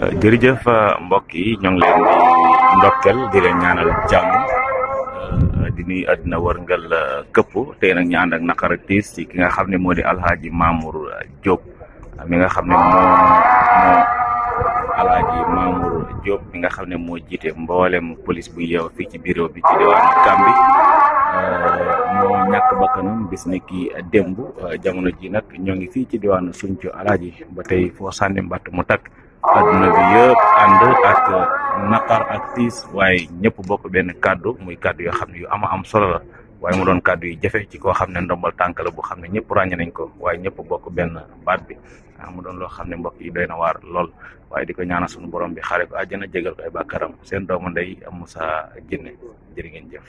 jërëjëf euh, mbokk yi ñoo ngi leen di ndokkel di leen ñaanal jàmm euh, di nuyu àddina wërngal euh, këpp tey nag ñu ànd ak naqar tiis ci ki nga xam ne moo di alhaaji Mamour Diop mi nga xam ne moo moo alhaaji nga xam ne moo jiite mboolem police bu yeew fii ci bureau bi ci diwaanu Gàmbi moo ñàkk bakkanam bis ni ki démb jamono ji nag ñoo ngi fii ci diwaanu Sinthiou alhaaji ba tey foo sànni mbatt mu takk adduna bi yëpp ànd ak naqar ak tiis waaye ñëpp bokk benn kàddu muy kàddu yoo xam ne yu ama am solo la waaye mu doon kàddu yi jafe ci koo xam ne ndombal tànk la bu xam ne ñëpp ràññe nañ ko waaye ñëpp bokk benn baat bi ah mu doon loo xam ne mbokk yi doy na waar lool waaye di ko ñaanal suñu borom bi xaare ko àjjana jégal ko ay bàkkaram seen doomu ndey Moussa Diéne jërë ngeen jëf